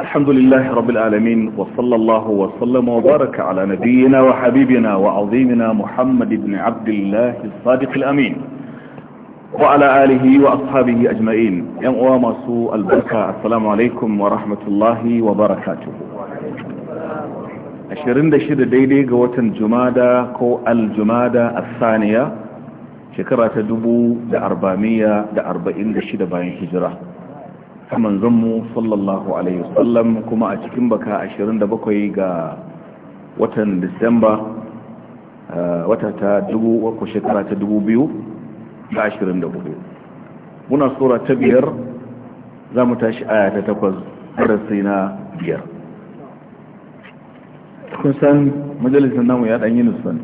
الحمد لله رب العالمين وصلى الله وسلم وبارك على نبينا وحبيبنا وعظيمنا محمد بن عبد الله الصادق الأمين وعلى آله وأصحابه أجمعين يمقوا مسوء البركة السلام عليكم ورحمة الله وبركاته أشيرين دشير ديدي قوة الجمادة كو الجمادة الثانية شكرة دبو دا أربعمية دا أربعين دشير باين هجرة ta manzanmu sallallahu alaihi wasallam kuma a cikin baka 27 ga watan disamba uh, wata ta dubu wako shekara ta dubu biyu ga ashirin da hudu muna tsora ta biyar za mu tashi aya ta takwas darasi na biyar kun san majalisar namu ya ɗanyi nusan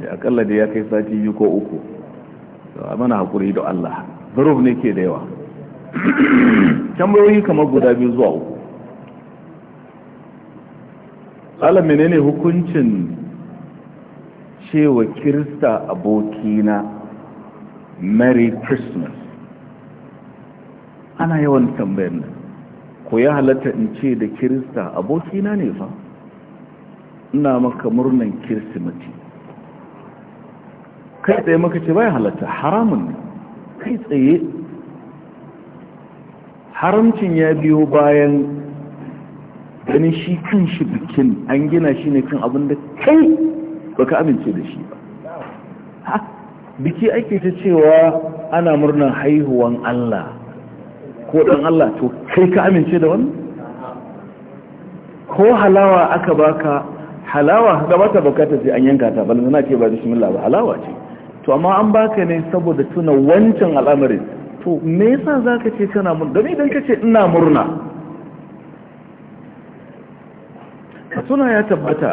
da akalla da ya kai sati yi ko uku mana haƙuri da Allah zaruf ne ke da yawa tambayoyi kamar guda biyu zuwa uku ala menene hukuncin cewa kirista abokina merry christmas ana yawan tambayar nan ko ya halatta in ce da kirista abokina ne fa ina maka murnan kirsimati kai tsaye maka ce baya halatta haramun ne kai tsaye haramcin ya biyo bayan ganin shi kan shi bikin an gina shi ne kan abin da kai baka amince da shi ba biki ake ta cewa ana murnar haihuwan Allah ko dan Allah to kai ka amince da wannan ko halawa aka baka halawa gabata bukata sai an yanka ta balin na ce ba bismillah ba halawa ce to amma an baka ne saboda tuna wancan al'amarin to me yasa zaka ce kana murna dan idan kace ina murna suna ya tabbata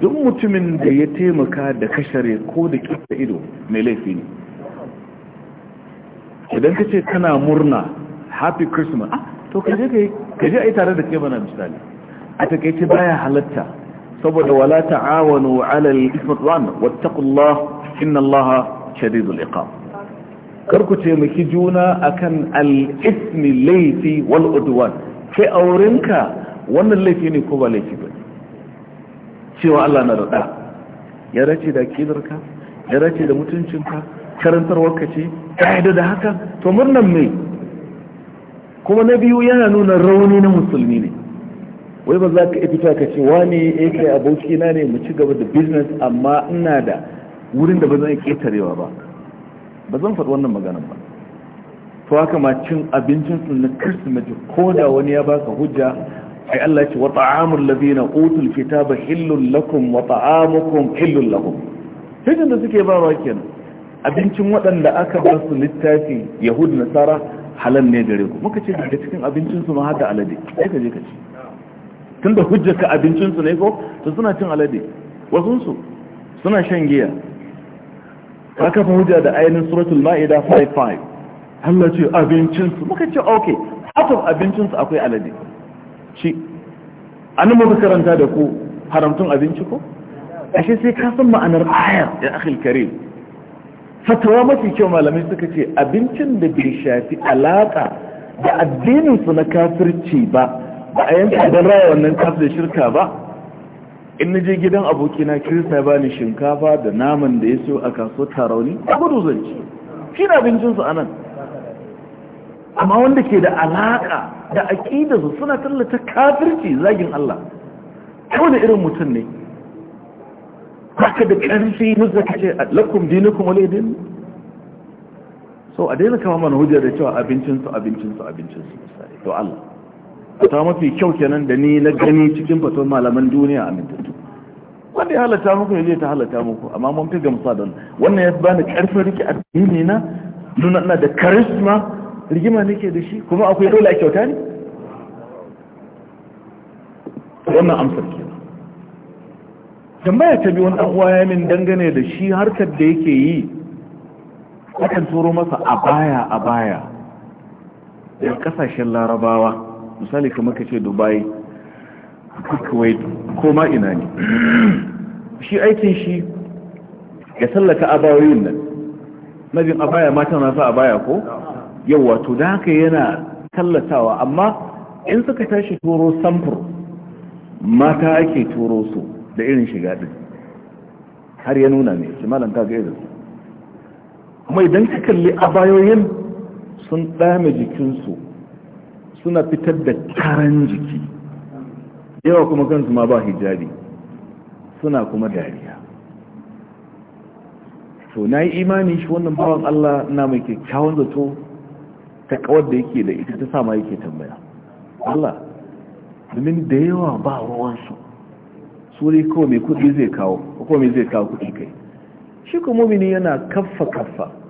duk mutumin da ya taimaka da kashare ko da kitsa ido mai laifi ne idan kace kana murna happy christmas ah, to kaje kaje ai tare da ke bana misali a takeice baya halatta saboda wala ta'awanu 'ala al-ithmi wa taqwa inna allaha shadidul iqab kar ku taimaki juna akan al-ismi laifi wal udwan kai aurinka wannan laifi ne ko ba laifi ba cewa Allah na da ya race da kidarka ya race da mutuncinka karantarwarka ce kaida da haka to murnan mai kuma na biyu yana nuna rauni na musulmi ne wai ba za ka yi fita ka ce wani eh, abokina ne mu ci gaba da business amma ina da wurin da ba zan ƙetarewa ba ba zan faɗi wannan magana ba to haka ma cin abincin su na kirsimeti ko da wani ya baka hujja ai Allah ce wa ta'amul ladina utul kitaba hillul lakum wa ta'amukum hillul lahum hujjan da suke ba kenan abincin waɗanda aka ba su littafi yahud nasara halal ne gare ku muka ce daga cikin abincin su ma hada alade sai ka je ka ci tunda hujjar ka abincin su ne ko to suna cin alade wasunsu suna shan giya ka kafa hujja da ainihin suratul ma'ida 5 Allah ce abincinsu muka ce ok hafin abincinsu akwai alade shi an muka karanta da ku haramtun abinci ko ashe sai ka san ma'anar ayar ya akhil karim fatawa mafi kyau malamai suka ce abincin da bai shafi alaka da addininsu na kafirci ba ba a yanka don raya wannan kafir shirka ba in na je gidan abokina kirista ba ni shinkafa da naman da ya siyo a kasuwar tarauni a gudu zance shi na abincinsu a nan amma wanda ke da alaƙa da su suna tallata kafirci zagin Allah kawai da irin mutum ne haka da ƙarfi nuzza zaka ce lakum dinukum kuma laidin so a daina kama mana hujjar da cewa abincinsu abincinsu abincinsu misali to Allah ta mafi kyau kenan da ni na gani cikin fatan malaman duniya a mintattu wanda ya halatta muku ne zai ta halatta muku amma mun fi gamsa don wannan ya bani karfin rike addini na nuna ina da karisma rigima nake da shi kuma akwai dole a kyauta ne wannan amsar ke tambaya ta biyu wani uwa ya min dangane da shi harkar da yake yi akan turo masa a baya a baya da kasashen larabawa misali kamar ka ce dubai kuwait ko ma ina ne shi aikin shi ya sallaka abayoyin nan nabin abaya mata na sa abaya ko yau wato da haka yana tallatawa amma in suka tashi turo samfur mata ake turo su da irin shiga din har ya nuna ne shi ta ga irin kuma idan ka kalli abayoyin sun dame jikinsu suna fitar da karan jiki yawa kuma kansu ma ba hijabi suna kuma dariya to na yi imani shi wannan bawan Allah na mai kyakkyawan zato ta kawar da yake da ita ta sama yake tambaya Allah domin da yawa ba ruwansu su ne kawai mai kudi zai kawo ko mai zai kawo kudi kai shi kuma mumini yana kaffa kaffa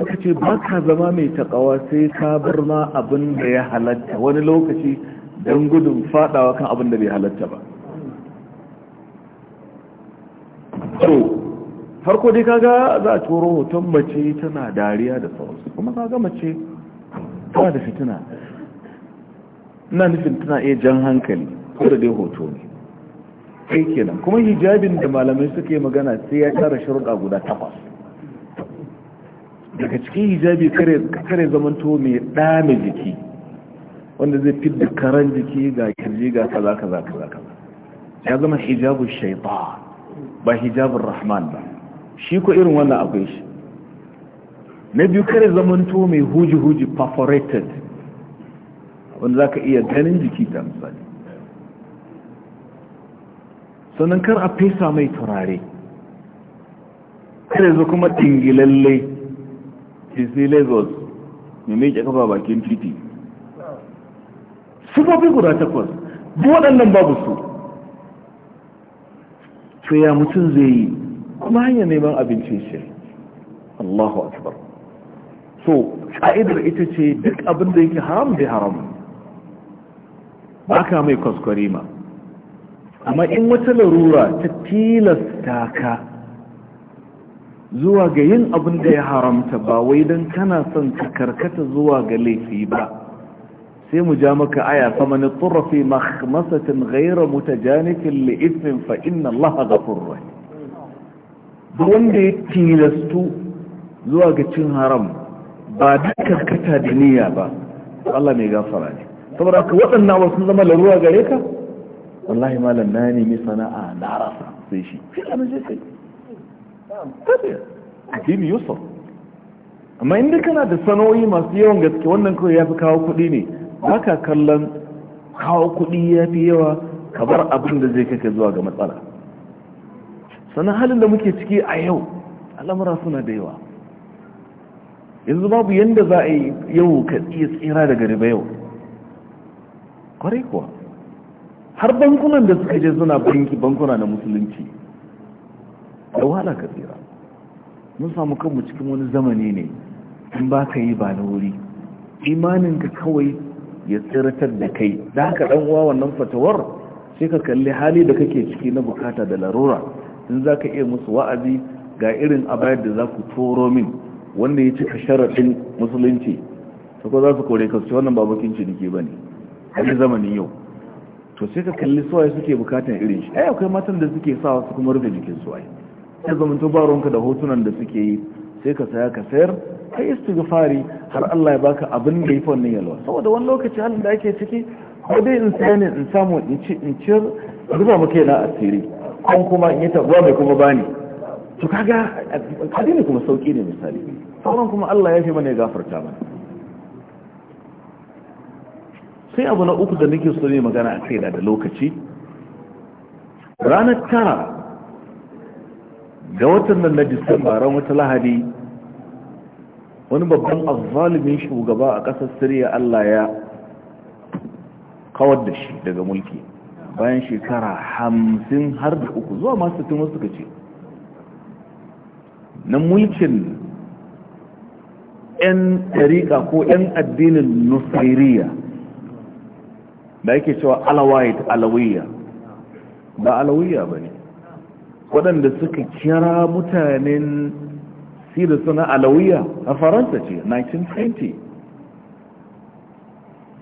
suka ce ba ka zama mai takawa sai ka bar ma abin da ya halatta wani lokaci don gudun fadawa kan abin da bai halatta ba so farko dai kaga za a turo hoton mace tana dariya da sauransu kuma kaga mace tana da fitina ina nufin tana iya jan hankali ko da dai hoto ne kai kenan kuma hijabin da malamai suke magana sai ya tara sharuɗa guda takwas daga cikin hijabi kare zamanto mai ɗame jiki wanda zai fi da karan jiki ga kirji ga kaza kaza kaza kaza ya zama hijabun shaiba ba hijabun rahman ba shi ko irin wannan akwai shi na biyu kare zamanto mai huji-huji perforated wanda za ka iya ganin jiki ta misali sannan kar a fesa mai turare kare zo kuma tingilallai sai lagos mai miƙe kafa bakin titi sufofi guda takwas duk waɗannan babu su to ya mutum zai yi kuma hanyar neman abinci shi Allahu akbar so ƙa'idar ita ce duk abin da yake haram bai haram ba ka mai kwaskwari ma amma in wata larura ta tilasta ka zuwa ga yin abin da ya haramta ba wai don kana son ka karkata zuwa ga laifi ba sai mu ja maka aya sama ni turafi mahmasatin gaira mutajanifin li'ifin fa inna Allah ga Ba wanda ya tilastu zuwa ga cin haram ba da karkata da niyya ba Allah mai gafara ne saboda ka waɗannan wasu zama laruwa gare ka wallahi malam na nemi sana'a na rasa sai shi sai tafiya addini yusuf amma inda kana da sanoyi masu yawan gaske wannan kawai ya fi kawo kuɗi ne ba ka kallon kawo kuɗi ya fi yawa ka bar abin da zai kake zuwa ga matsala sannan halin da muke ciki a yau al'amura suna da yawa yanzu babu yadda za a yi yau ka iya tsira daga riba yau kwarai kuwa har bankunan da suka je suna banki bankuna na musulunci da wahala ka tsira mun samu kanmu cikin wani zamani ne in ba ka yi ba na wuri imaninka kawai ya tsiratar da kai da haka ɗan uwa wannan fatawar sai ka kalli hali da kake ciki na bukata da larura in za ka iya musu wa'azi ga irin abayar da za ku toro min wanda ya cika sharaɗin musulunci ta ko za su kore ka wannan babakin ciniki ba ne hali zamanin yau to sai ka kalli suwaye suke bukatan irin shi ai akwai matan da suke sawa su kuma rufe jikin suwaye ya zamanto ba ruwanka da hotunan da suke yi sai ka saya ka sayar ka yi istighfari har Allah ya baka abin da ya wannan yalwa saboda wani lokaci halin da ake ciki ko dai in saya ne in samu in ci in ci zuba maka na asiri ko kuma in yi tabuwa mai kuma bani to kaga addini kuma sauki ne misali sauran kuma Allah ya fi mana ya gafarta mana sai abu na uku da nake so ne magana a kai da lokaci ranar tara ga watan nan na disamba ran wata lahadi wani babban azzalumin shugaba a ƙasar siriya allah ya kawar da shi daga mulki bayan shekara hamsin har da uku zuwa masu tun wasu ce na mulkin 'yan tariƙa ko 'yan addinin nusairiya da yake cewa alawayit alawiyya ba alawiyya ba ne waɗanda suka kira mutanen da suna alawiya a faransa ce 1920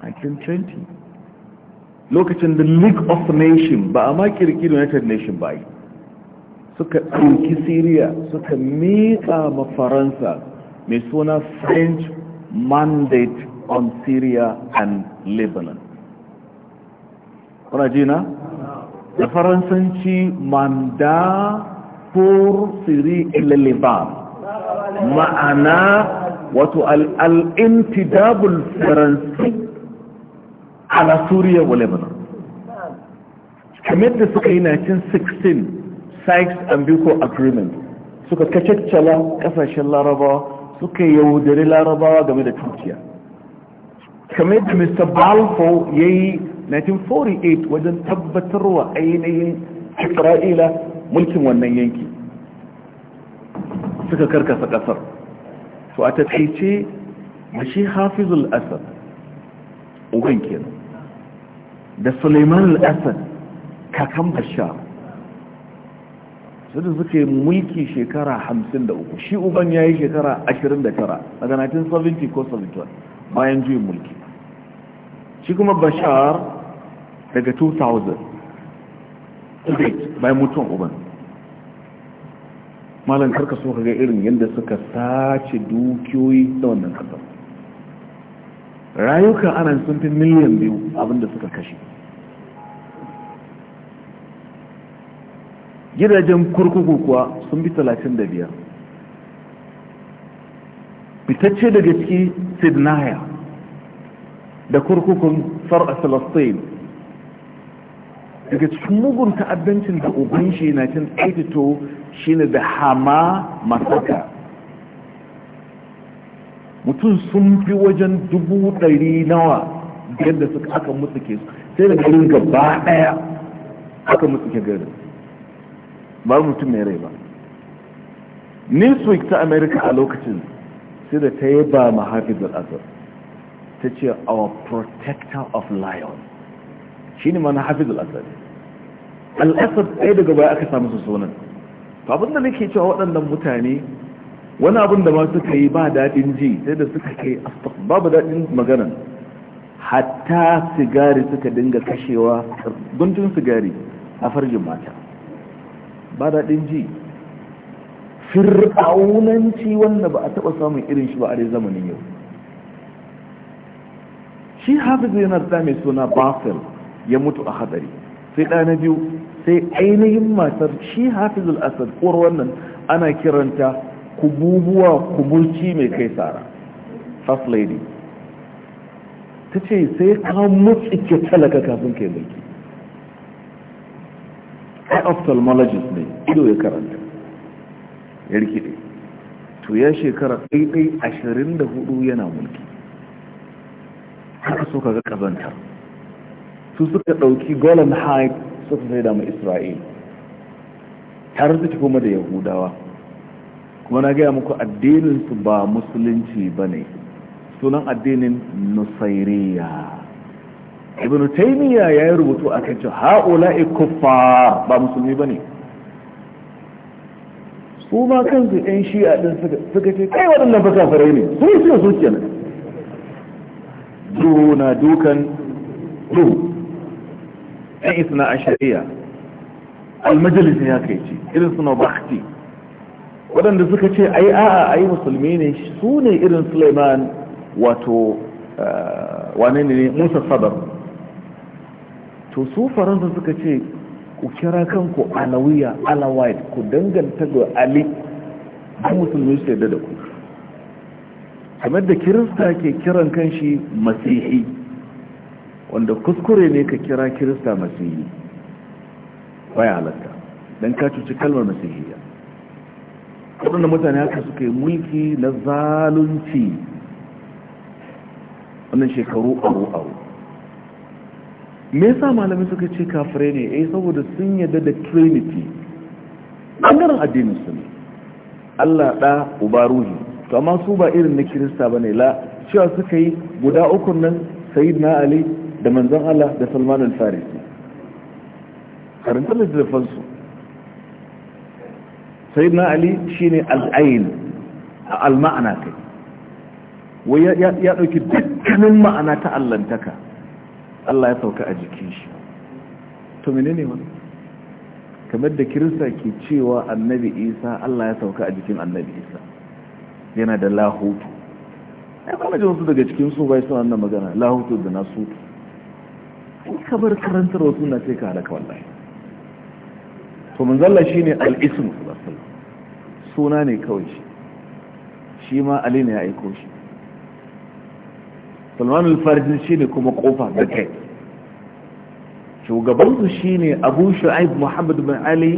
1920 lokacin da league of nations ba a makirki kirkiri united nations ba yi suka ɗauki syria suka miƙa ma faransa mai suna french mandate on syria and lebanon kuna jina da faransanci manda pour siri ilalibar ma'ana wato al'intidabul faransi ala suriya wa lebanon kamar da suka yi 1916 sykes and biko agreement suka kacaccala kasashen larabawa suka yaudari larabawa game da turkiya kamar da mr balfour ya yi 1948 wajen tabbatarwa ainihin isra'ila mulkin wannan yanki suka karkasa kasar to a taƙaice mashi hafizul asad uban kenan da suleiman al'asad asad kakan bashar su da suke mulki shekara 53 shi uban ya yi shekara 29 daga 1970 ko 71 bayan juyin mulki shi kuma bashar daga 2000 bayan mutuwan uban malam karka so ka ga irin yadda suka sace dukiyoyi da wannan kasar rayuka ana sun fi miliyan biyu abinda suka kashe gidajen kurkuku kuwa sun bi 35 fitacce daga ciki sidnaya da kurkukun far'a salastin daga cikin mugun ta'addancin da uban shi na cin shi ne da hama masaka mutum sun fi wajen dubu ɗari nawa yadda suka aka mutsuke su sai da garin gaba ɗaya aka mutsuke garin ba mutum mai rai ba newsweek ta america a lokacin sai da ta yi ba mahafiz al'azhar ta ce our protector of lions shi ne mana hafiz al'azhar al'asar ɗaya daga baya aka samu su sunan abin da nake cewa waɗannan mutane wani abin da ma suka yi ba daɗin ji sai da suka kai babu daɗin magana hatta sigari suka dinga kashewa guntun sigari a farjin mata ba daɗin ji fir'aunanci wanda ba a taɓa samun irin shi ba a dai zamanin yau shi zai yana da mai suna basel ya mutu a hadari sai ɗa na biyu sai ainihin matar shi hafizul asad kuwar wannan ana kiranta kububuwa kumulci mai kai tsara first lady ta ce sai ka ke talaka kafin kai mulki ai ophthalmologist ne ido ya karanta ya rikide to ya shekara ɗaiɗai ashirin da hudu yana mulki haka so ka ga ƙazantar su suka ɗauki golan Haid, suka sai da isra'il Har su ci kuma da yahudawa kuma na gaya muku addininsu ba musulunci ba ne sunan addinin nusairiya ibn taymiya ya yi rubutu a kan cewa ha'ula kuffar ba musulmi ba ne su ma kansu 'yan shi'a din suka ce kai waɗannan fa kafirai ne su yi su kenan duna dukan duhu ɗan isna a shari'a almajalisi ya kai ce irin suna bakti waɗanda suka ce ai a'a ai musulmi ne su ne irin suleiman wato eh, wane ne musa sadar to su faransa suka ce ku kira kanku alawiya alawite ku danganta ga ali a musulmi su yadda da ku kamar da kirista ke kiran kanshi masihi wanda kuskure ne ka kira kirista masihi baya halatta don ka cuci kalmar masihiyya waɗanda mutane haka suka yi mulki na zalunci wannan shekaru aru-aru me yasa malamai suka ce kafirai ne eh saboda sun yadda da trinity ɓangaren addinin su ne allah ɗa uba ruhi to amma su ba irin na kirista ba ne la cewa suka yi guda ukun nan sayid na ali da manzon Allah da Salman al-Farisi karanta littafin sai sayyidina Ali shine al-ayn al-ma'ana kai wai ya dauki dukkanin ma'ana ta allantaka Allah ya sauka a jikin shi to menene wannan kamar da kirista ke cewa annabi isa Allah ya sauka a jikin annabi isa yana da lahutu ya kuma ji wasu daga cikin su bai suna wannan magana lahutu da nasutu kabar ka bar na suna sai ka halaka wallahi to manzalla shi ne al'ismu suna ne kawai shi shi ma ali ne ya aiko shi salman al shi ne kuma kofa da kai shugabansu shi ne abu shu'aib muhammad bin ali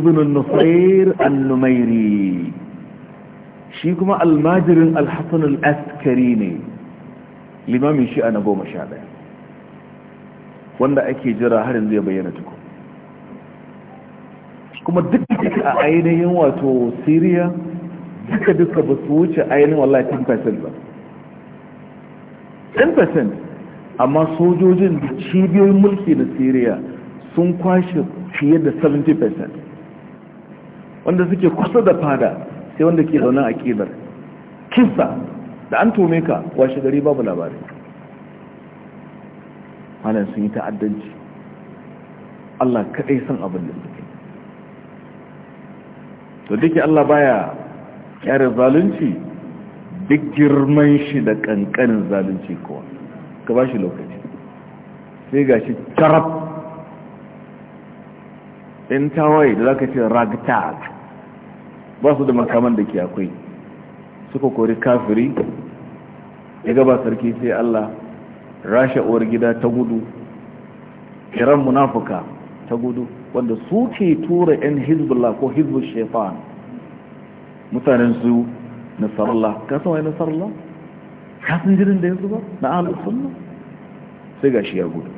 ibn nufair al-numairi shi kuma almajirin al hasan al-askari ne limamin shi a na goma sha ɗaya wanda ake jira harin zai bayyana tukun kuma duk a ainihin wato syria duka duka ba su wuce ainihin wallahi 10% ba 10% amma sojojin da cibiyoyin mulki na syria sun kwashe fiye da 70% wanda suke kusa da fada sai wanda ke zaune a kibar kisa da an tome ka washe gari babu labari malam sun yi ta'addanci Allah kaɗai san abin da suke to duke Allah baya kyara zalunci duk girman shi da ƙanƙanin zalunci kowa ka ba shi lokaci sai ga shi tarab tawaye da za ka ce ragtag ba su da makaman da ke akwai suka kori kafiri ya gaba sarki sai Allah rasha uwar gida ta gudu kiran munafuka ta gudu wanda su ke tura 'yan hezbollah ko hezbollah shefan mutanen su nasarallah kasan wani nasarallah kasan jirin da ya zuba na alusunna sai ga shi ya gudu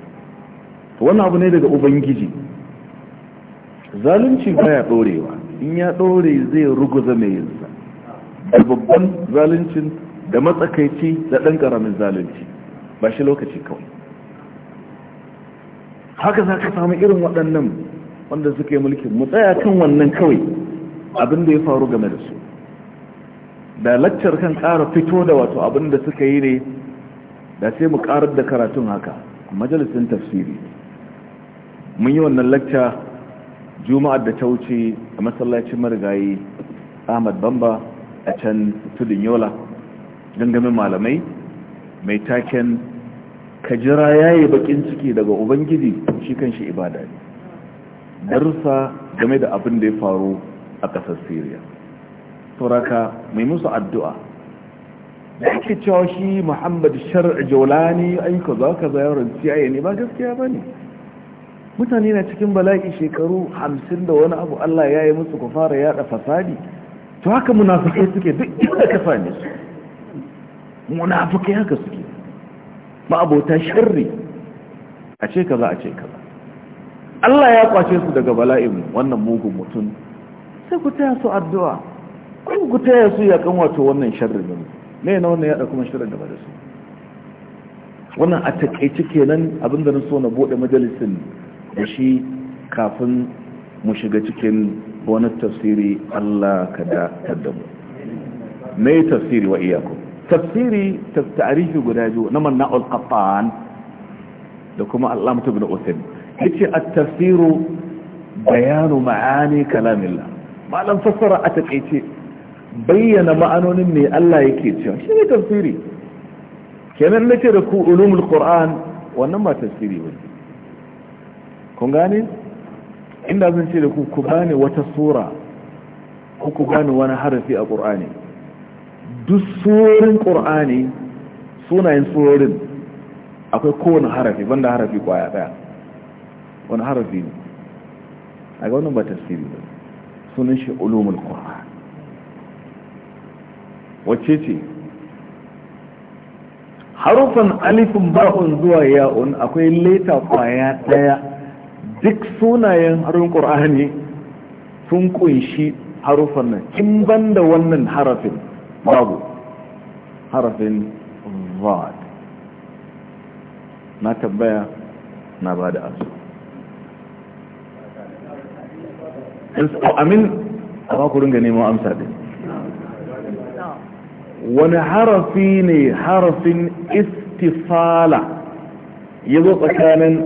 wani abu ne daga ubangiji zalunci baya ɗorewa, in ya ɗore zai ruguza mai yinsa da babban zaluncin da matsakaici da ɗan ƙaramin zalunci ba shi lokaci kawai haka za ka samu irin waɗannan wanda suka yi mulki mu tsaya kan wannan kawai abin da ya faru game da su da laccar kan ƙara fito da wato abin da suka yi ne da sai mu ƙarar da karatun haka majalisin tafsiri mun yi wannan lacca juma'ar da ta wuce a masallacin marigayi ahmad bamba a can tudun yola gangamin malamai mai taken ka jira yayi bakin ciki daga ubangiji shi shi ibada ne darsa game da abin da ya faru a ƙasar Syria sauraka mai musu addu'a da ake cewa shi Muhammad Shar'i Jaulani ai za ka yaron CIA ne ba gaskiya bane mutane na cikin bala'i shekaru hamsin da wani abu Allah ya yi musu ku fara yada fasadi to haka munafikai suke duk inda ka same su munafikai haka suke ma'abota sharri a ce za a ce kaza Allah ya kwace su daga bala'in wannan mugun mutum sai ku taya su addu'a kun ku taya su ya kan wato wannan sharrin ne ne na wannan ya kuma shirin da ba da su wannan a takaice kenan abinda na so na bude majalisin da shi kafin mu shiga cikin wani tafsiri Allah ka da mu mai tafsiri wa iyakun? tafsiri tarihi guda biyu na manna al da kuma Allah mutu bin Usaim yace a tafsiru bayanu ma'ani kalamillah malam fassara a takeice bayyana ma'anonin ne Allah yake cewa shi ne tafsiri kenan nace da ku ulumul qur'an wannan ba tafsiri ba kun gane inda zan ce da ku ku bani wata sura ko ku bani wani harafi a qur'ani duk surorin ƙur'ani sunayen surorin akwai kowane harafi banda harafi kwaya daya wani harafi ne a ga wannan ba tasiri ba sunan shi ulumul qur'an wacce ce harufan alifin ba'un zuwa ya'un akwai leta kwaya daya duk sunayen harufin qur'ani sun kunshi harufan nan kin banda wannan harafin babu harafin zad na tabbaya na ba da asu amin oh, a bakurin ga neman amsa din wani harafi ne harafin istifala ya zo tsakanin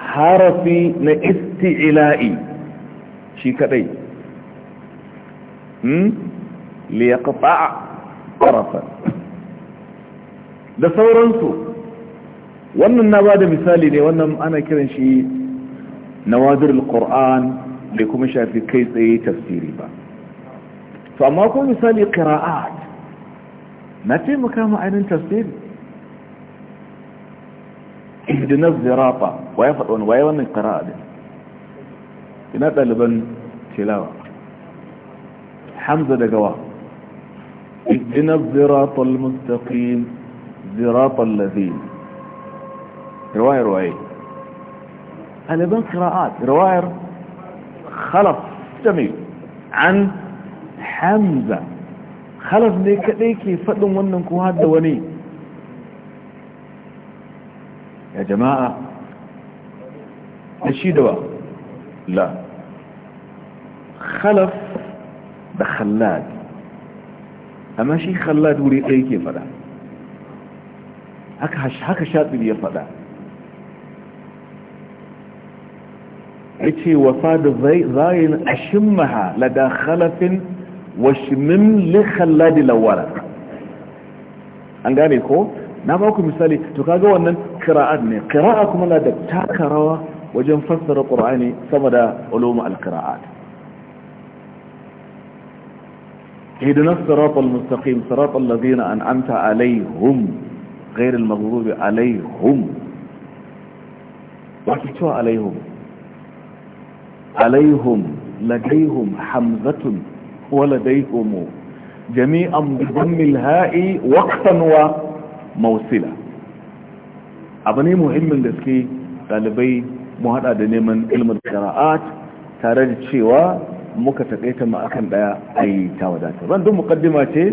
harafi na isti'ila'i shi kadai hmm? liyaqta'a arafan da sauransu wannan na ba da misali ne wannan ana kiran shi na al-qur'an bai kuma shafi kai tsaye tafsiri ba to amma ko misali qira'at na taimaka ma ainihin tafsiri ihdina zirafa waye faɗo wani waye wannan qira'a din ina ɗaliban tilawa hamza da gawa. اهدنا الزراط المستقيم زراط الذين رواية رواية ألبان قراءات رواية خلف جميل عن حمزة خلف ليك ليك فألم ونن كوهاد وني يا جماعة ماشي دواء لا خلف بخلاد amma shi khallad wuri ɗaya ke faɗa, haka shatsir ya faɗa. ya ce wafa da zayin ashimmaha lada khalafin washimim li khalladi lawara an gane ko na ba ku misali to kaga wannan kira'at ne kira'a kuma na da taka rawa wajen fassara ƙur'ani sama da al qira'at اهدنا الصراط المستقيم صراط الذين أنعمت عليهم غير المغضوب عليهم وكتوا عليهم عليهم لديهم حمزة ولديهم جميعا بضم الهاء وقتا وموصلا أبني مهم muhimmin gaske مهدى mu haɗa da neman ilmin ƙara'at muka taƙaita ma akan ɗaya ai ta wadata ban duk muqaddima ce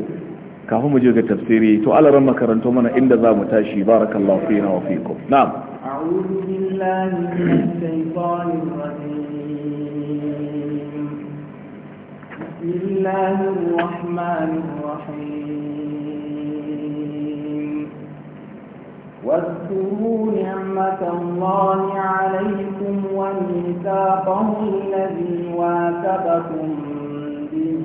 kafin mu je ga tafsiri to alaran makaranto mana inda za mu tashi barakallahu fina wa fikum na'am a'udhu billahi minash shaitanir rajim bismillahir rahmanir rahim واذكروا نعمة الله عليكم وميثاقه الذي واثقكم به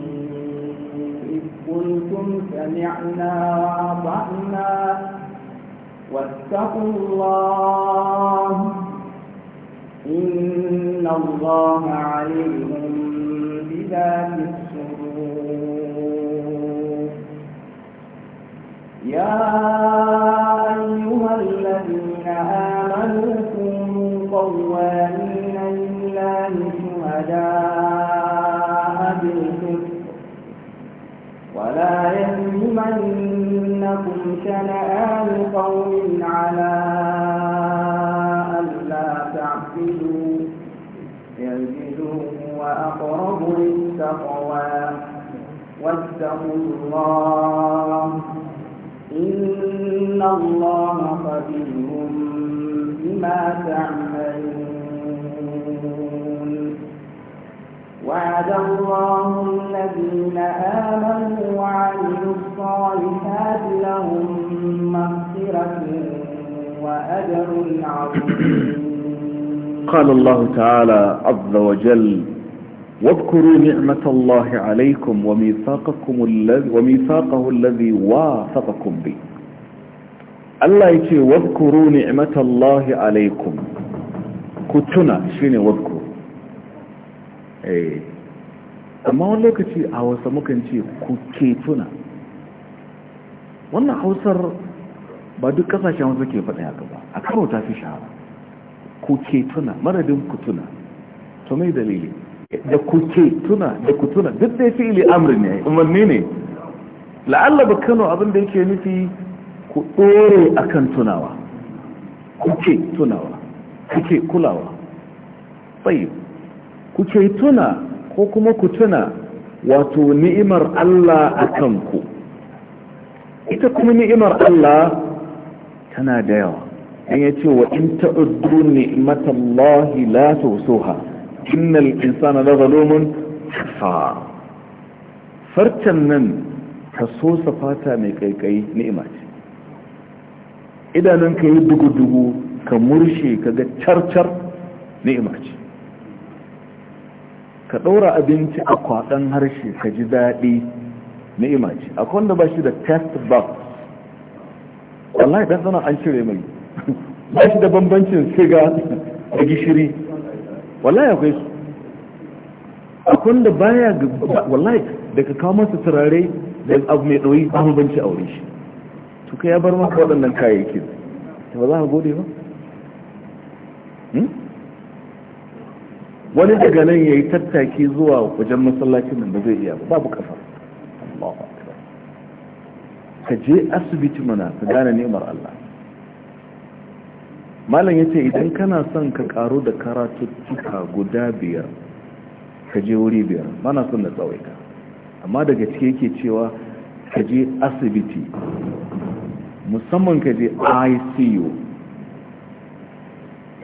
إذ قلتم سمعنا وأطعنا واتقوا الله إن الله عليم بذات الصدور يا أيها الذين آمنوا كونوا قوامين لله شهداء بالقسط ولا يهمنكم شنآن قوم على ألا تعبدوا اعبدوا وأقربوا للتقوى واتقوا الله إن الله خبير بما تعملون وعد الله الذين آمنوا وعملوا الصالحات لهم مغفرة وأجر عظيم قال الله تعالى عز وجل واذكروا نعمة الله عليكم وميثاقكم الذي وميثاقه الذي واثقكم به الله يجي واذكروا نعمة الله عليكم كتنا شيني واذكروا eh amma wani lokaci a hausa mukan ce ku ke tuna wannan hausar ba duk kasashen hausa ke faɗin haka ba a karo ta fi shahara ku ke tuna maradin ku tuna to mai dalili da kuke tuna da ku tuna duk da fi'ili amri ne umarni ne la'alla ba kano abin da yake nufi ku a kan tunawa kuke tunawa kuke kulawa tsayi kuke tuna ko kuma ku tuna wato ni'imar Allah a kanku ita kuma ni'imar Allah tana da yawa in yace wa in ta'uddu ni'matallahi la tusuha innal insana la zalumun kafar farcen nan ka so fata mai kaikayi ni'ima ce idanun ka yi dugu-dugu ka murshe ka ga carcar ni'ima ce ka ɗaura abinci a kwaɗon harshe ka ji daɗi ni'ima ce akwai wanda ba shi da test box wallahi ɗan tsana an cire mai ba shi da bambancin siga da gishiri wallahi akwai su akwai da baya ga wallahi da ka kawo masa turare da abu mai ɗoyi babu banci aure shi to ka ya bar maka waɗannan kayayyaki ta ba za ka gode ba hmm? wani daga nan ya yi tattaki zuwa wajen masallacin nan ba zai iya ba babu kafa ka je asibiti mana ka gane nemar Allah malam ya ce idan kana son ka karo da karatuttuka guda biyar ka je wuri biyar mana son na tsawaita amma daga cike yake cewa ka je asibiti musamman ka je icu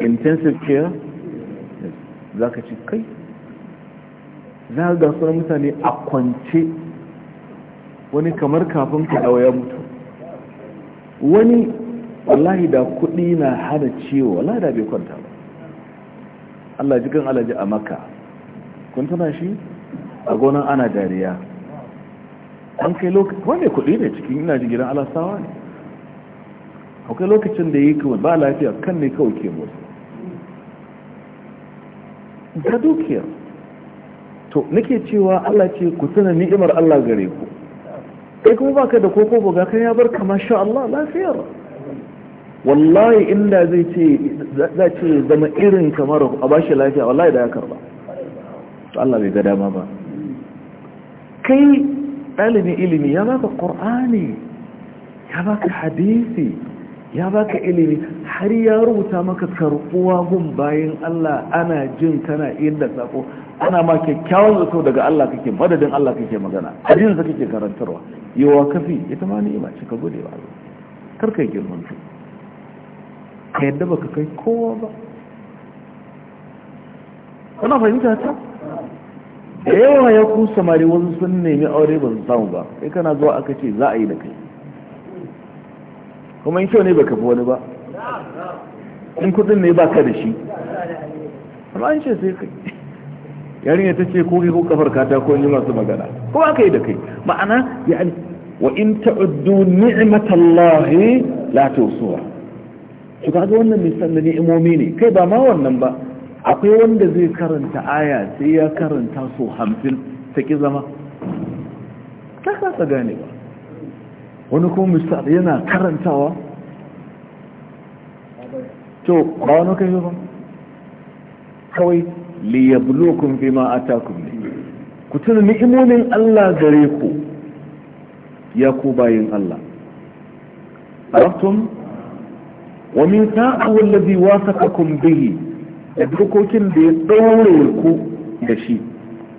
intensive care za ka ci kai za ka ga na mutane a kwance wani kamar kafin ka dawaya mutu wani wallahi da kudi na hana ciwo wallahi da bai kwanta ba Allah jikin alaji a maka kun tana shi a gonan ana dariya an kai lokaci wanda kudi ne cikin ina ji gidan alasawa ne akwai lokacin da yi kuma ba lafiya kan ne kawai ke motsi ga dukiyar to nake cewa Allah ce ku tuna ni'imar Allah gare ku kai kuma baka da koko buga kan ya bar kama sha Allah lafiyar wallahi inda zai ce za ce zama irin kamar a bashi lafiya wallahi da ya karba Allah bai ga dama ba kai ɗalibin ilimi ya baka ƙor'ani ya baka hadisi ya baka ilimi har ya rubuta maka karɓuwa gun bayan Allah ana jin kana inda sako ana ma kyakkyawan zato daga Allah kake madadin Allah kake magana hadisin sa kake karantarwa yawa kafi ita ma ni'ima ce ka gode ba Allah kar ka girman kai ka yadda ba ka kai kowa ba Kana fahimta ta da yawa ya ku samari wasu sun nemi aure ba su samu ba kai kana zuwa aka ce za a yi da kai kuma in kyau ne ka fi wani ba in kudin ne ba ka da shi amma an ce sai kai yarinya ta ce koke ko kafar kata ko yi masu magana ko aka yi da kai ma'ana ya wa in ta'uddu ni'matallahi la tusuha to kaga wannan mai da ni'imomi ne kai ba ma wannan ba akwai wanda zai karanta aya sai ya karanta su hamsin ta ki zama ta kasa gane ba wani kuma misal yana karantawa to ba wani kai ba kawai ma a takun ne ku tuna ni'imomin Allah gare ku ya ku bayin Allah a wa min sa'ahu allazi wasaqakum bihi da dokokin da ya ɗaure ku da shi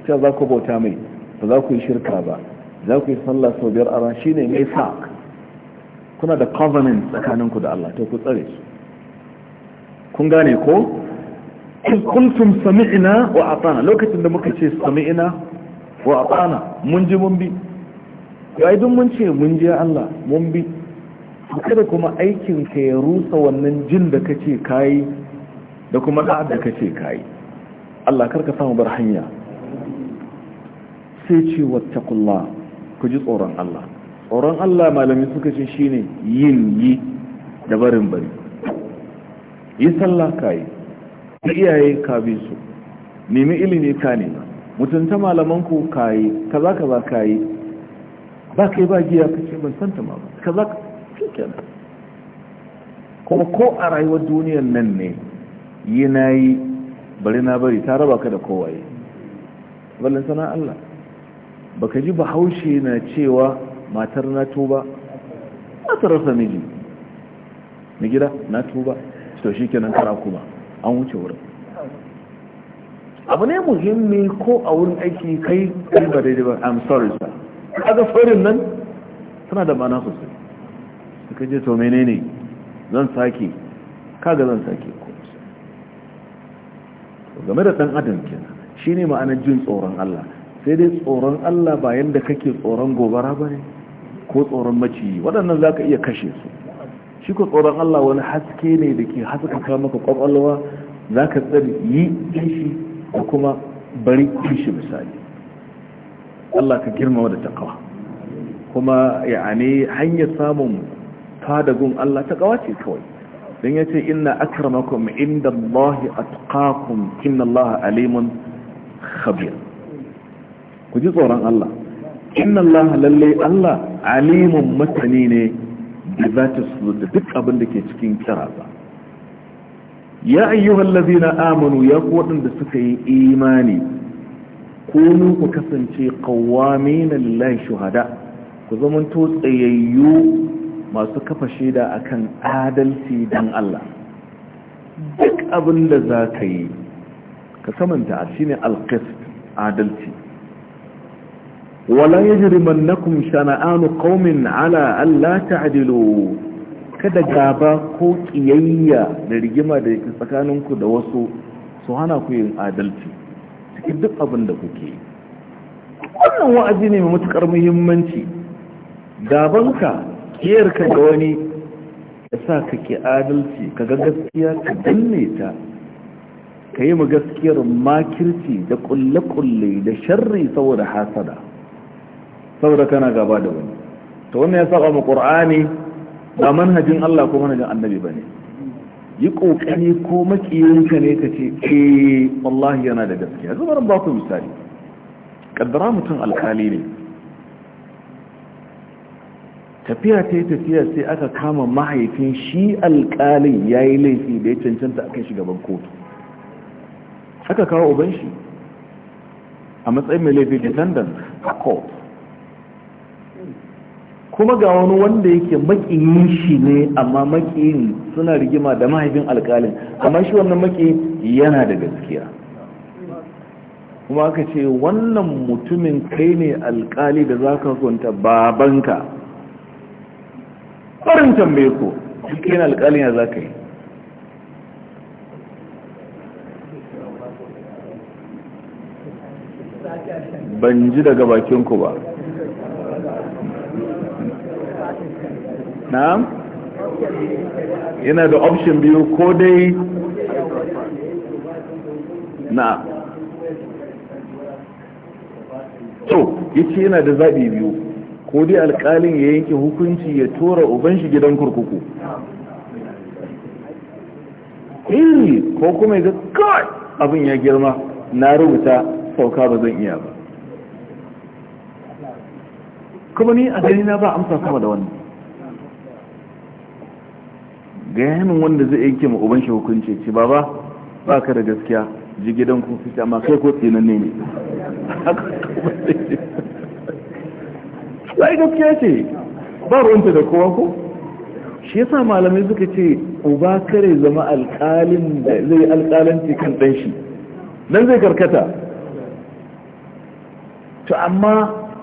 ta za ku bauta mai ba za ku yi shirka ba za ku yi sallah sau biyar a ran shi ne mai sa kuna da covenant tsakaninku da Allah to ku tsare su kun gane ko kuntum sami'na wa atana lokacin da muka ce sami'na wa atana mun ji mun bi ya duk mun ce mun ji Allah mun bi kada kuma aikinka ya rusa wannan jin da kace kayi da kuma da'ad da kace kayi Allah karka samu bar hanya sai ce wattaqullah ku ji tsoron Allah tsoron Allah malami suka ce shine yin yi da barin bari yi sallah kayi ka iyaye ka bi su nemi ilimi ka nema mutunta malaman ku kai kaza kaza kayi ba kai ba giya kace ban santa ma ba kaza kuma ko a rayuwar duniyar nan ne yi na yi bari na bari ta raba ka da kowaye ballon sana Allah baka ji bahaushe na cewa matar na tuba matar rasa miji na gida na tuba to shi kenan tara kuma an wuce wurin abu ne muhimmi ko a wurin aiki kai ba daidai ba i'm sorry sir kaga farin nan tana da mana sosai ka je to menene zan sake kaga zan sake game da ɗan adam shi shine ma'ana jin tsoron Allah sai dai tsoron Allah ba yanda kake tsoron gobara bane ko tsoron maciyi waɗannan zaka iya kashe su shi ko tsoron Allah wani haske ne da ke ka maka kwakwalwa zaka tsari yi shi da kuma bari kishi misali Allah ka girmama da takawa kuma ya'ani hanyar samun fadagun Allah ta kawace kawai don ya ce ina akramakum inda Allah atqakum kinna Allah alimun khabir ku ji tsoron Allah inna Allah lalle Allah alimun matani ne da za ta da duk abin da ke cikin kira ba ya ayyuhal ladina amanu ya ku waɗanda suka yi imani kunu ku kasance qawwamin lillahi shuhada ku zamanto tsayayyu masu kafa shida akan adalci dan Allah duk abin da za ka yi ka a shi ne alkist adalci wala ya jiriman na shana'anu ƙaumin ala Allah ta kada gaba ko ƙiyayya da rigima da yake tsakaninku da wasu su hana ku yin adalci cikin duk abin da kuke wannan wa'azi ne mai matuƙar muhimmanci gabanka kiyarka da wani ya sa ka ke adalci ka ga gaskiya ka danne ta ka yi gaskiyar makirci da kulle-kulle da sharri saboda hasada saboda kana gaba da wani ta wannan ya saba mu ƙur'ani ba manhajin Allah ko manhajin annabi ba ne yi ƙoƙari ko makiyinka ne ka ce eh wallahi yana da gaskiya zubarin ba ku misali Kadara mutum alkali ne tafiya ta yi tafiya sai aka kama mahaifin shi alƙalin ya yi laifi da ya cancanta a kan shigaban kotu aka kawo uban shi a matsayin mai laifin defendant a kuma ga wani wanda yake makiyin shi ne amma makiyin suna rigima da mahaifin alkalin amma shi wannan maki yana da gaskiya kuma aka ce wannan mutumin kai ne alkali da za ka kwanta babanka ƙwarin tambaye ko cikin alƙalin ya za ka yi ban ji daga bakinku ba na'am yana da option biyu ko dai na to yace yana da zaɓi biyu ko dai alƙalin ya yanke hukunci ya tura uban shi gidan kurkuku iri ko kuma ya ga abin ya girma na rubuta sauka ba zan iya ba kuma ni a gani na ba amsa sama da wannan ga yanin wanda zai yanke ma uban shi hukunci ce baba ba ka da gaskiya ji gidan kurkuku fita amma kai ko tsinan ne ne ai gaskiya ce ba ruwanta da kowa ko shi yasa malamai suka ce uba kare zama alƙalin da zai alƙalanci kan ɗan shi nan zai karkata to amma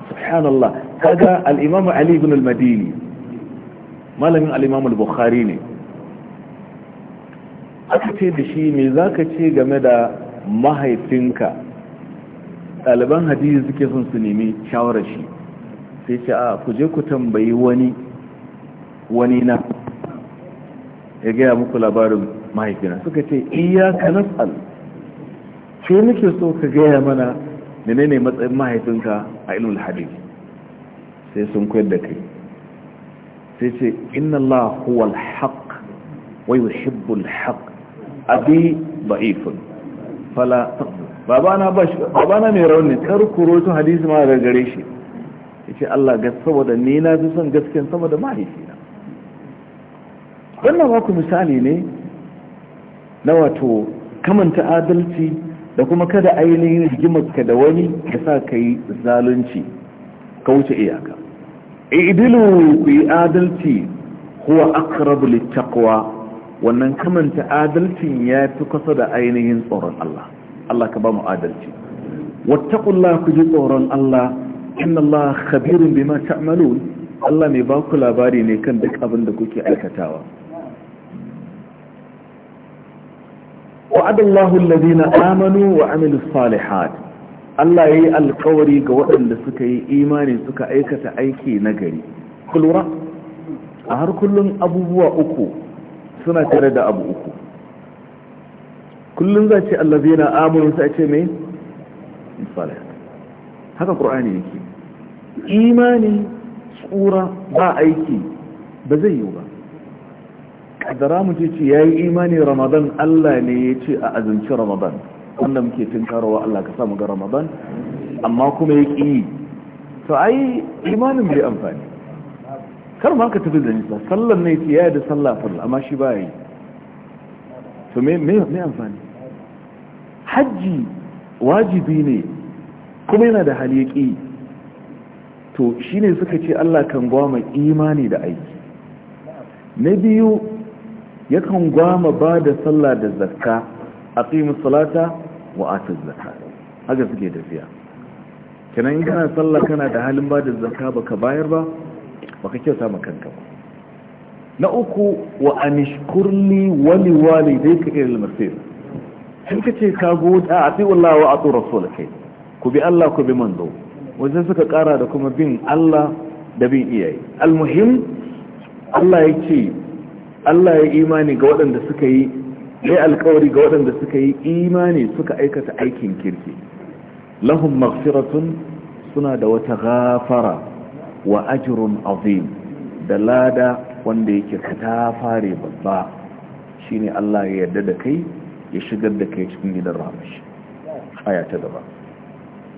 subhanallah kaga al-imam ali ibn al-madini malamin al al-bukhari ne aka ce da shi me zaka ce game da mahaifinka ɗaliban hadisi suke son su nemi shawarar shi sai ce a ah, ku je ku tambayi wani wani na ya gaya muku labarin mahaifina suka ce kanas al ke nake so ka gaya mana ne matsayin mahaifinka a ilmu hadith sai sun koyar da kai sai ce inna Allah huwa al wa yuhibbu alhaq haq abi da'ifun fala babana bashi babana mai rauni kar ku roto hadisi ma daga gare shi ce Allah ga saboda ni na fi son gaskiya sama da mahaifina wannan ba ku misali ne na wato kamanta adalci da kuma kada ainihin ka da wani da sa ka yi zalunci ka wuce iyaka idilu ku yi adalci huwa akrabu littakwa wannan kamanta adalcin ya fi kasa da ainihin tsoron Allah Allah ka ba mu adalci wattaqullaha ku ji tsoron Allah inna Allah khabirun bima ta'malun Allah mai ba ku labari ne kan duk abin da kuke aikatawa wa'ada Allahu alladhina amanu wa amilus salihat Allah yayi alƙawari ga waɗanda suka yi imani suka aikata aiki gari kulura a har kullun abubuwa uku suna tare da abu uku kullun za ce allazina amanu sai ce me salihat haka qur'ani yake imani tsura ba aiki ba zai yiwu ba kadara mu ce ya yi imani ramadan Allah ne ya ce a azinci ramadan wanda muke karawa Allah ka samu ga ramadan amma kuma ya ƙi to ai imanin bai amfani kar ma ka tafi da nisa sallar ne ce ya da sallah fulla amma shi ba yi to me amfani hajji wajibi ne kuma yana da hali ya ƙi to shi ne suka ce Allah kan gwama imani da aiki na biyu ya kan gwama ba da sallah da zakka aqimu salata wa atu zakka haka suke tafiya kenan in kana sallah kana da halin ba da zakka baka bayar ba baka kyauta ma kanka ba na uku wa anishkurli wali walidayka ila ka masir in Sun ka ce ka goda a fi a tsoron sola kai. ku bi Allah ku bi manzo wajen suka kara da kuma bin Allah da bin iyaye almuhim Allah ya ce Allah ya imani ga waɗanda suka yi ya alkawari ga waɗanda suka yi imani suka aikata aikin kirki lahum maghfiratun suna da wata gafara wa ajrun azim da lada wanda yake fare babba shine Allah ya yarda da kai ya shigar da kai cikin gidan rahmashi aya ta gaba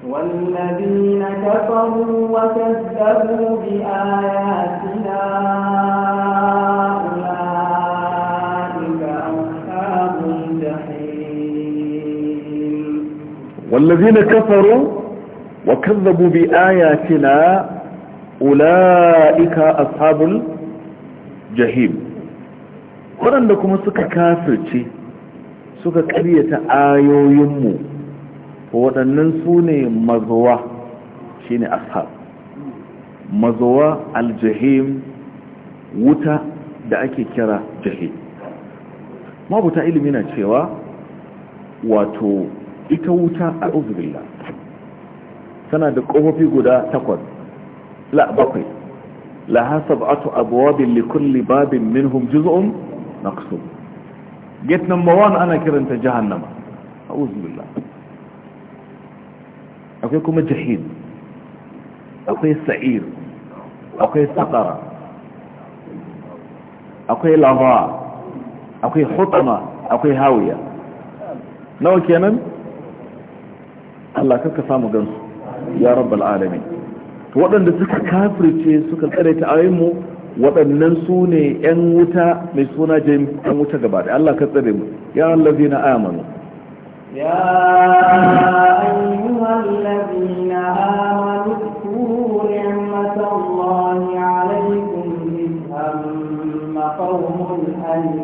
والذين كفروا وكذبوا بآياتنا أولئك أصحاب الجحيم والذين كفروا وكذبوا بآياتنا أولئك أصحاب الجحيم waɗanda كافر suka سكا suka آيو يمو waɗannan su ne mazuwa shi ne ashab mazuwa aljahim wuta da ake kira jahim mabuta ilimi na cewa wato ita wuta a uzubillah tana da ƙofofi guda takwas la bakwai la hasab atu abuwabin likulli babin minhum na kusur. get number one ana kiranta jahannama a'udhu billah akwai kuma jahil akwai sa'ir akwai sakara akwai lava akwai hutama akwai hawiya nawa kenan Allah kanka samu gansu ya rabbal alamin waɗanda suka kafirce suka tsare ta mu, waɗannan su ne 'yan wuta mai suna jami'an wuta gaba da Allah ka tsare mu ya allazi na amanu يا أيها الذين آمنوا اذكروا نعمة الله عليكم إذ هم قوم أن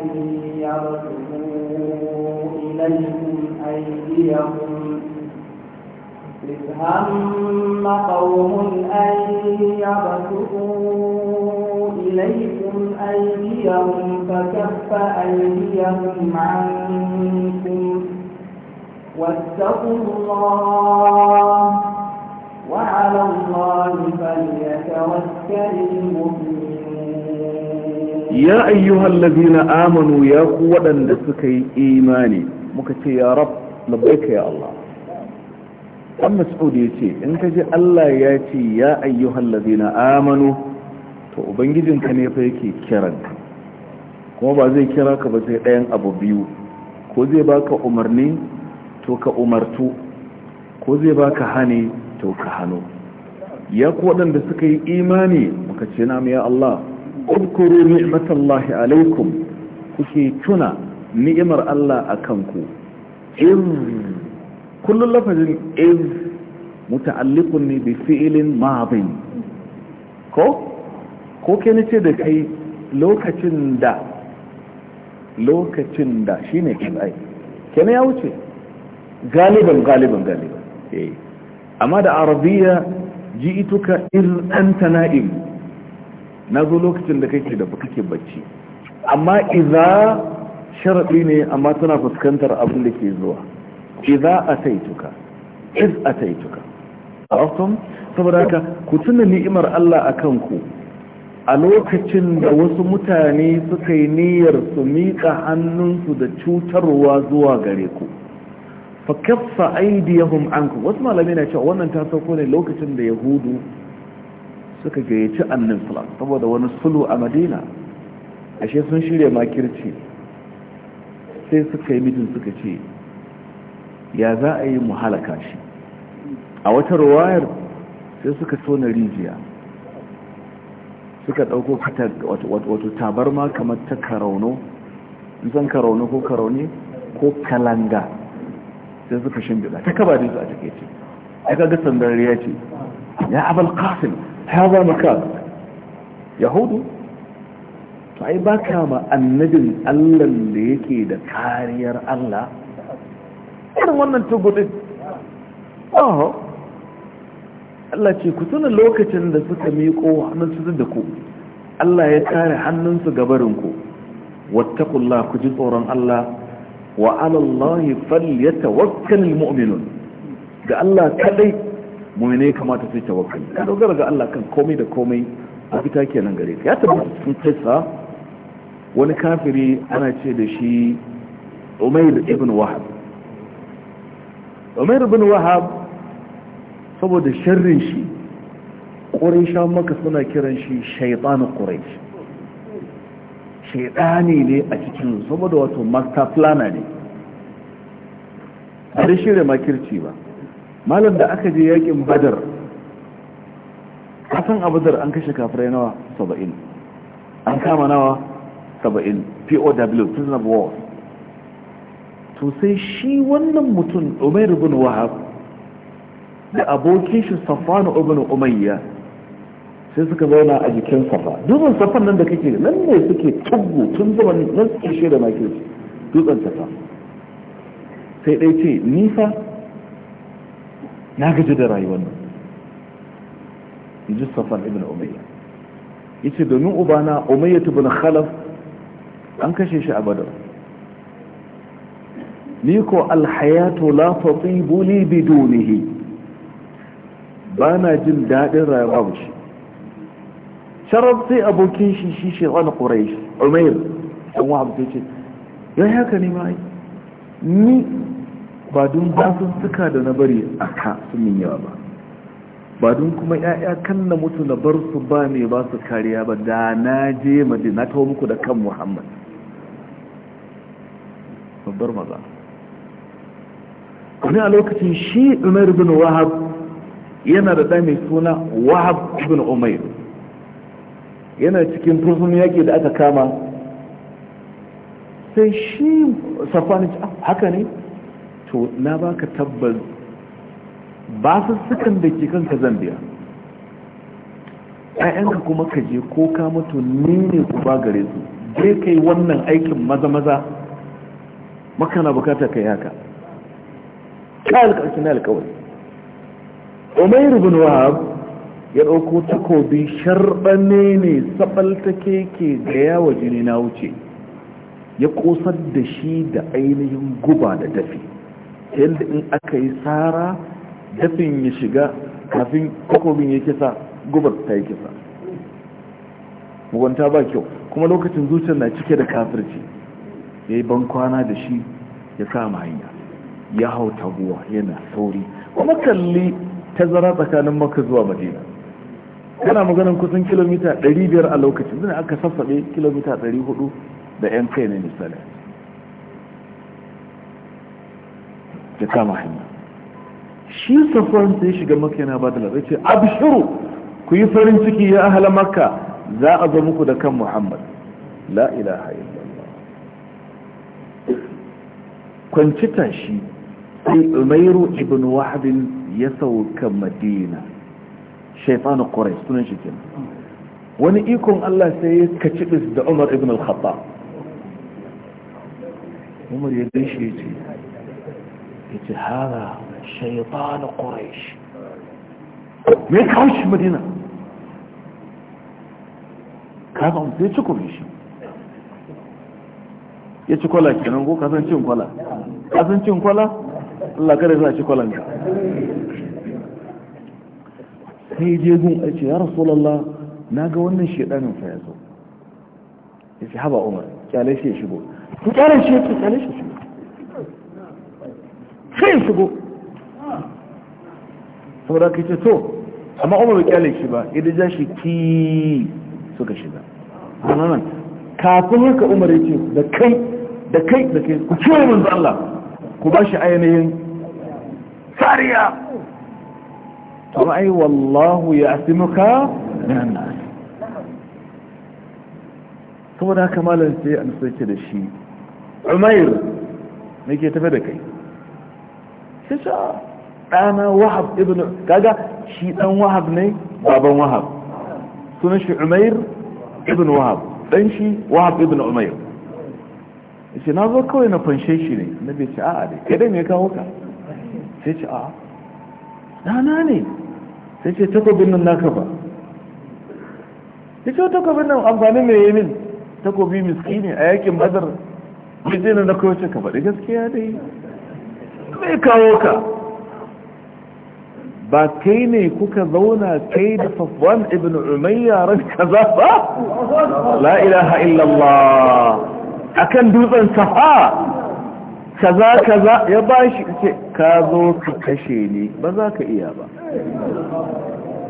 يرسلوا إليكم أيديهم إذ هم قوم أن يبسطوا إليكم أيديهم فكف أيديهم عنكم واتقوا الله وعلى الله فليتوكل المؤمنون يا أيها الذين آمنوا يا قوة لسكي إيماني مكتي يا رب لبيك يا الله أم مسعود يتي إنك جاء الله ياتي يا أيها الذين آمنوا to ubangijinka ne fa yake kiranka kuma ba zai kira ka ba sai ɗayan abu biyu ko zai baka umarni to ka umartu ko zai baka hani to ka hano ya ku waɗanda suka yi imani muka ce mu ya Allah ƙudkuru ni'matallahi alaikum kuke tuna ni'imar Allah a kanku in kullum lafazin in muta'alliqun ne bi fi'ilin madin ko ko ke ce da kai lokacin da lokacin da shine kai kene ya wuce galiban galiban galiban eh. amma da arabiya ji ituka in anta na'im na zo lokacin da kake da kake bacci amma idza sharaɗi ne amma tana fuskantar abin da ke zuwa idza ataituka iz ataituka afton saboda haka ku tuna ni'imar Allah akan ku a lokacin da wasu mutane suka yi niyyar su miƙa hannunsu da cutarwa zuwa gare ku fa kaffa aydiyahum wasu malami na cewa wannan ta sauko ne lokacin da yahudu suka gayyaci annabi sallallahu saboda wani sulu a madina ashe sun shirya makirci sai suka yi mijin suka ce ya za a yi muhalaka shi a wata ruwayar sai suka tona rijiya suka ɗauko wato tabarma kamar ta karauno zan karauno ko karauni ko kalanga sai suka shimbiɗa ta kaba da su a take ce ai kaga sandar ya ce ya abal qasim hadha makan yahudu to ai baka ma annabin Allah da yake da kariyar Allah irin wannan tubudin oh Allah ce ku tuna lokacin da suka miƙo su da ku Allah ya kare hannunsu gabarinku wattakullah ku ji tsoron Allah wa alallahi falyatawakkalul mu'minun ga Allah kadai mu'mine kamata su tawakkal ka dogara ga Allah kan komai da komai a fita kenan gare ka ya tabbata sun tsaya wani kafiri ana ce da shi Umair ibn Wahab Umair ibn Wahab saboda sharrin shi Quraysh maka suna kiran shi shaytanu Quraysh shaidani ne a cikin saboda wato master planner ne a da shirya makirci ba malam da aka je yakin badar kasan a badar an kashe kafirai nawa 70 an kama nawa 70 pow prison of war to sai shi wannan mutum umar bin wahab da abokin shi safanu ibn umayya sai suka zauna a jikin safa dutsen safan nan da kake nan ne suke tubu tun zama nan suke da makin dutsen safa sai ɗaya ce nifa na gaji da rayuwar nan yaji safan ibn umayya yace domin ubana umayya ibn khalaf an kashe shi a badar ni ko alhayatu la tatibu li bidunihi bana jin dadin rayuwa ba shi sharaf sai abokin shi shi shi wani umair ɗan wa abokin ce ya haka ne ma ni ba don zafin suka da na bari a ka su min yawa ba ba don kuma ya'ya kan na mutu na bar su ba ne ba su kariya ba da na je na ta muku da kan muhammad babbar maza wani a lokacin shi umar bin wahab yana da ɗa mai suna wahab bin umair yana cikin furfun yaƙi da aka kama sai shi safani ah, haka ne to na baka tabbas ba su sukan da ke kanka zambiya ƴaƴanka kuma ka je ko ka mutu ni ne uba gare su je ka yi wannan aikin maza maza maka na bukata yi haka ka na umairu bin wahab ya ɗauko takobi sharɓane ne saɓaltake ke gaya yawa jini na wuce ya ƙosar da shi da ainihin guba da dafi ta yadda in aka yi tsara dafin ya shiga kafin takobin ya kisa gubar ta yi kisa mugunta ba kyau kuma lokacin zuciyar na cike da kafirci ya yi ban kwana da shi ya kama hanya ya hau taguwa yana sauri kuma kalli tazara tsakanin maka zuwa madina kana maganin kusan kilomita 500 a lokacin zina aka sassabe kilomita 400 da 'yan kai na misali da kama hanyar shi safon sai shiga maka yana ba da labar ce abshiru ku yi farin ciki ya ahala maka za a zo muku da kan muhammad la ilaha illallah kwanci tashi sai umairu ibn wahabin ya sauka madina shaifanu quraish sunan shi kenan wani ikon Allah sai ya kaci da Umar ibn al-Khattab Umar ya gaishe ya ce ya ce hada shaifanu quraish me kawo shi madina kaga mutu ya ci kuma shi ya ci kwala kenan ko kasancin kwala kasancin kwala Allah kada za a ci kwalanka sai je gun a ce ya rasulallah na ga wannan shedanin fa ya zo ya ce haba umar kyale shi ya shigo ku kyale shi ya kyale shi shigo sai ya shigo saboda ka ce to amma umar bai kyale shi ba idan ja shi ki suka shiga nan kafin haka umar ya ce da kai da kai da kai ku ciwo manzo Allah ku ba shi ainihin kariya amma ai wallahu ya asimuka minan nas saboda haka sai an soke da shi umair me ke tafe da kai sai sa ɗana wahab ibn kaga shi ɗan wahab ne baban wahab sunan shi wahab shi wahab ibn umair na zo kawai na fanshe shi ne na bai ce a'a dai kai dai me kawo ka sai ce a'a na ne sai ce takobin nan naka ba ya ce takobin nan amfani mai yi min takobi miski ne a yakin badar mai zai na kawace ka faɗi gaskiya dai mai kawo ka ba kai ne kuka zauna kai da safwan ibn umayya ran kaza ba la ilaha illallah akan dutsen safa kaza kaza ya bashi ce ka zo ka kashe ni ba za ka iya ba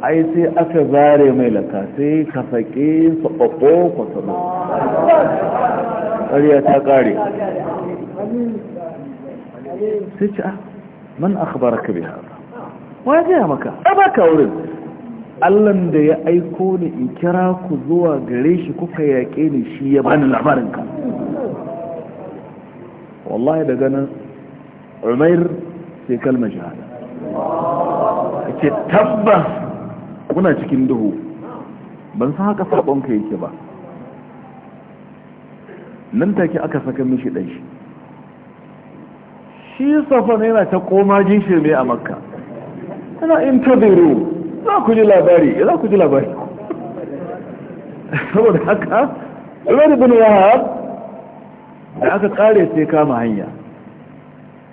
ai sai aka zare mai laka sai ka faƙe su ɓaɓɓo kwasano ƙariya ta ƙare sai ci a ah, man akhbara ka biya ya maka a baka wurin allon da ya aiko ni in kira ku zuwa gare shi kuka yaƙe ni shi ya bani labarinka wallahi daga nan umair sai kalmar shahada ake tabbas kuna cikin duhu ban san haka sabonka yake ba nan take aka saka mishi ɗan shi shi safan yana ta koma jin shirme a makka yana interview za ku ji labari za ku ji labari saboda haka umar ibn wahab da aka kare sai kama hanya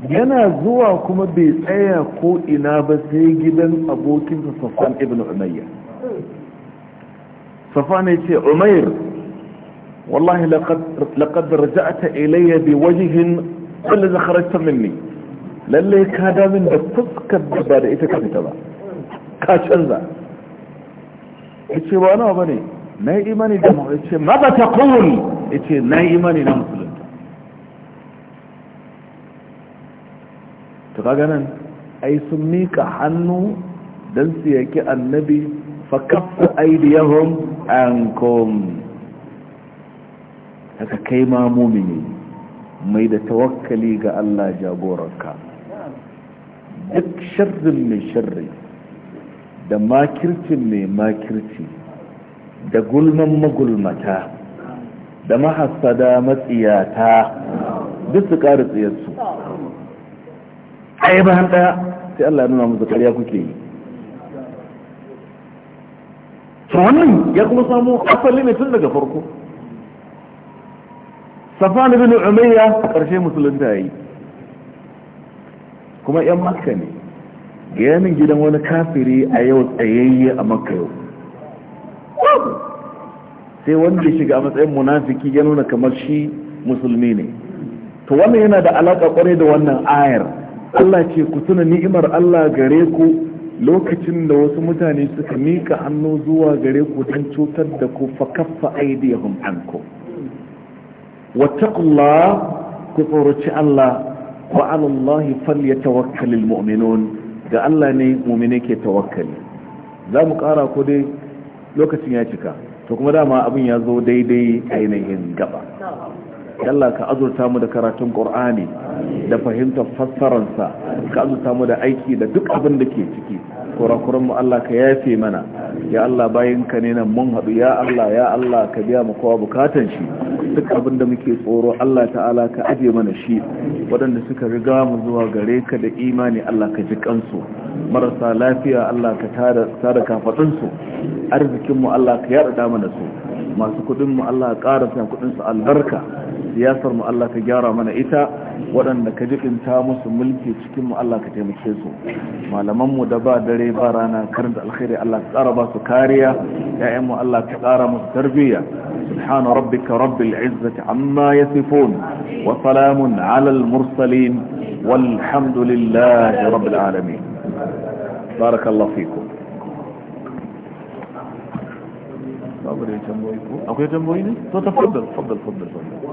yana zuwa kuma bai tsaya ko ina ba sai gidan abokinsa safan ibn umayya safan ya ce umayr wallahi laqad raja'ta ilayya bi wajhin kullu zakharta minni lalle ka da min da fuska da da ita ka fita ba ka canza yace ba nawa bane na imani da mu yace ma ba taqul yace na imani na musulmi kaganan ga nan ai sun mika hannu don su yake annabi fa kaffa aydiyahum ankum haka kai ma mumini mai da tawakkali ga Allah jagoranka duk sharrin mai sharri da makircin mai makirci da gulman magulmata da mahasada matsiyata duk su ƙara tsayarsu ɗaya bayan ɗaya sai Allah ya nuna musu ƙarya kuke yi to wannan ya kuma samu asali ne tun daga farko safan bin umayya ƙarshe musulunta yi kuma yan makka ne gayanin gidan wani kafiri a yau tsayayye a makka yau sai wanda ya shiga matsayin munafiki ya nuna kamar shi musulmi ne to wannan yana da alaƙa kwarai da wannan ayar Allah ce ku tuna ni'imar Allah gare ku lokacin da wasu mutane suka mika hannu zuwa gare ku don cutar da ku fa kaffa aidihum anku wattaqullah ku tsoroci Allah wa fal Allah falyatawakkalul mu'minun ga Allah ne mu'mine ke tawakkali za mu kara ko dai lokacin ya cika to kuma dama abin ya zo daidai ainihin gaba Allah ka azurta mu da karatun Qur'ani da fahimtar sa ka azurta mu da aiki da duk abin da ke ciki kurakuran mu Allah ka yafe mana ya Allah bayan ka ne nan mun haɗu ya Allah ya Allah ka biya mu kowa bukatan shi duk abin da muke tsoro Allah ta'ala ka aje mana shi waɗanda suka riga mu zuwa gare ka da imani Allah ka ji kansu marasa lafiya Allah ka tada kafaɗinsu arzikinmu Allah ka yaɗa mana su masu kuɗinmu Allah ƙara sa su albarka siyasar mu Allah ka gyara mana ita waɗanda ka jikin ta musu mulki cikin mu Allah ka taimake su malaman mu da ba dare ba rana karin da alkhairi Allah ka tsara ba su kariya ƴaƴan mu Allah ka tsara musu tarbiyya subhana rabbika rabbil izzati amma yasifun wa salamun ala al mursalin walhamdulillahi rabbil alamin barakallahu fikum babu da tamboyi ko akwai tamboyi ne to tafaddal tafaddal tafaddal